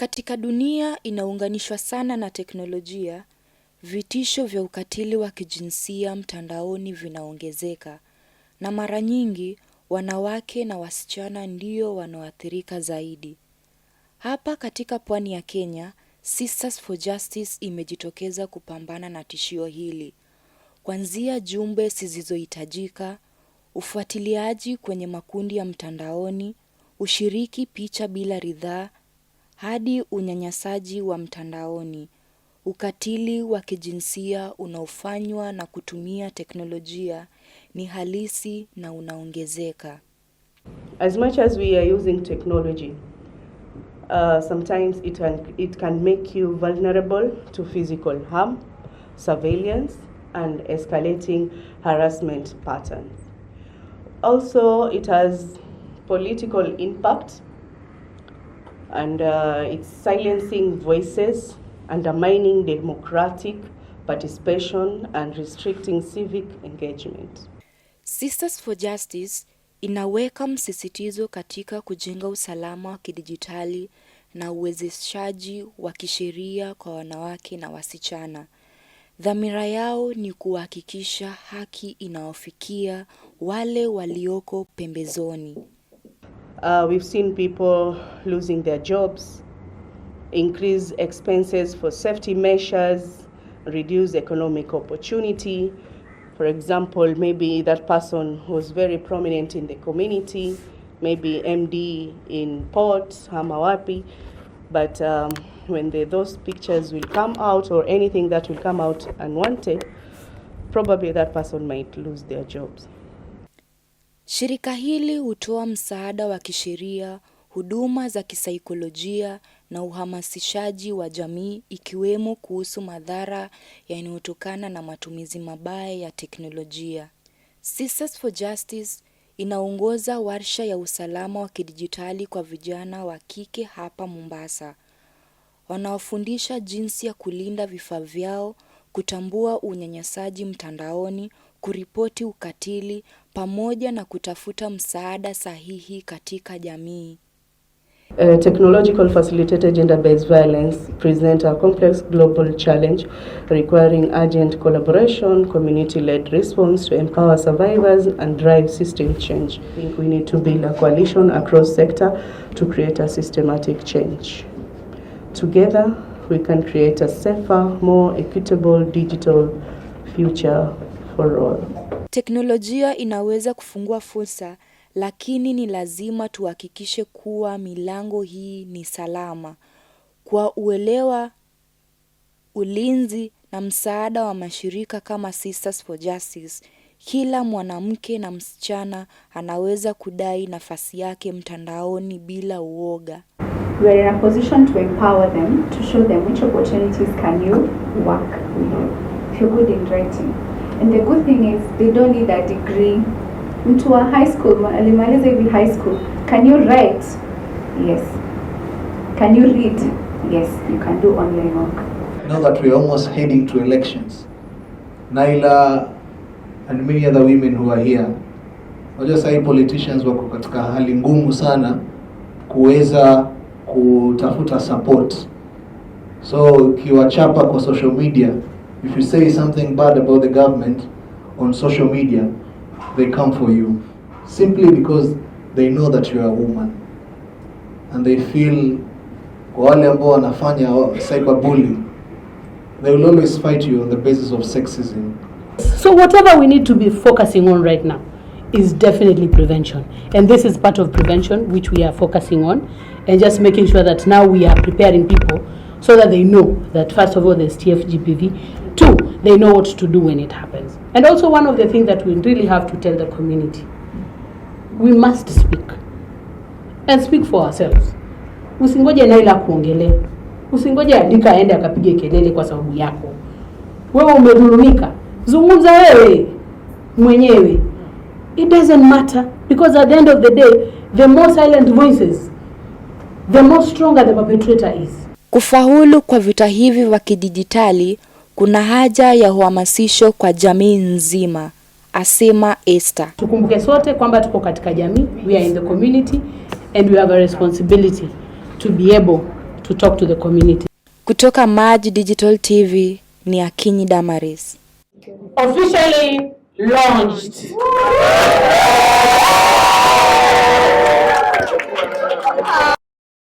Katika dunia inaunganishwa sana na teknolojia, vitisho vya ukatili wa kijinsia mtandaoni vinaongezeka na mara nyingi wanawake na wasichana ndio wanaoathirika zaidi. Hapa katika pwani ya Kenya, Sisters for Justice imejitokeza kupambana na tishio hili. Kuanzia jumbe zisizohitajika, ufuatiliaji kwenye makundi ya mtandaoni, ushiriki picha bila ridhaa hadi unyanyasaji wa mtandaoni, ukatili wa kijinsia unaofanywa na kutumia teknolojia ni halisi na unaongezeka. As much as we are using technology, uh, sometimes it can, it can make you vulnerable to physical harm, surveillance and escalating harassment patterns. Also, it has political impact and uh, it's silencing voices, undermining democratic participation and restricting civic engagement. Sisters for Justice inaweka msisitizo katika kujenga usalama wa kidijitali na uwezeshaji wa kisheria kwa wanawake na wasichana. Dhamira yao ni kuhakikisha haki inawafikia wale walioko pembezoni. Uh, we've seen people losing their jobs, increase expenses for safety measures, reduce economic opportunity. For example, maybe that person who's very prominent in the community, maybe MD in Port, Hamawapi, but um, when those pictures will come out or anything that will come out unwanted, probably that person might lose their jobs. Shirika hili hutoa msaada wa kisheria, huduma za kisaikolojia na uhamasishaji wa jamii ikiwemo kuhusu madhara yanayotokana na matumizi mabaya ya teknolojia. Sisters for Justice inaongoza warsha ya usalama wa kidijitali kwa vijana wa kike hapa Mombasa. Wanaofundisha jinsi ya kulinda vifaa vyao, kutambua unyanyasaji mtandaoni, kuripoti ukatili pamoja na kutafuta msaada sahihi katika jamii. Uh, technological facilitated gender-based violence present a complex global challenge requiring urgent collaboration, community-led response to empower survivors and drive system change. I think we need to build a coalition across sector to create a systematic change. Together, we can create a safer, more equitable digital future for Teknolojia inaweza kufungua fursa, lakini ni lazima tuhakikishe kuwa milango hii ni salama. Kwa uelewa, ulinzi na msaada wa mashirika kama Sisters for Justice, kila mwanamke na msichana anaweza kudai nafasi yake mtandaoni bila uoga. We are in a position to empower them, to show them which opportunities can you work with. If you're good in writing, And the good thing is they don't need a degree. Mtu wa high school alimaliza hivi high school. Can you write? Yes. Can you read? Yes, you can do online work. Now that we're almost heading to elections, Naila and many other women who are here, unajua sahii politicians wako katika hali ngumu sana kuweza kutafuta support, so ukiwachapa kwa social media If you say something bad about the government on social media, they come for you simply because they know that you are a woman and they feel cyberbullying they will always fight you on the basis of sexism so whatever we need to be focusing on right now is definitely prevention and this is part of prevention which we are focusing on and just making sure that now we are preparing people so that they know that first of all there's TFGPV Two, they know what to do when it happens. And also, one of the things that we really have to tell the community we must speak and speak for ourselves. Usingoje Naila kuongele usingoje Adika aende akapige kelele kwa sababu yako. Wewe umedhulumika, zungumza wewe mwenyewe. It doesn't matter because at the end of the day the more silent voices the more stronger the perpetrator is. Kufaulu kwa vita hivi vya kidijitali kuna haja ya uhamasisho kwa jamii nzima, asema Esther. Tukumbuke sote kwamba tuko katika jamii, we are in the community and we have a responsibility to be able to talk to the community. Kutoka Maj Digital TV ni Akinyi Damaris. Officially launched.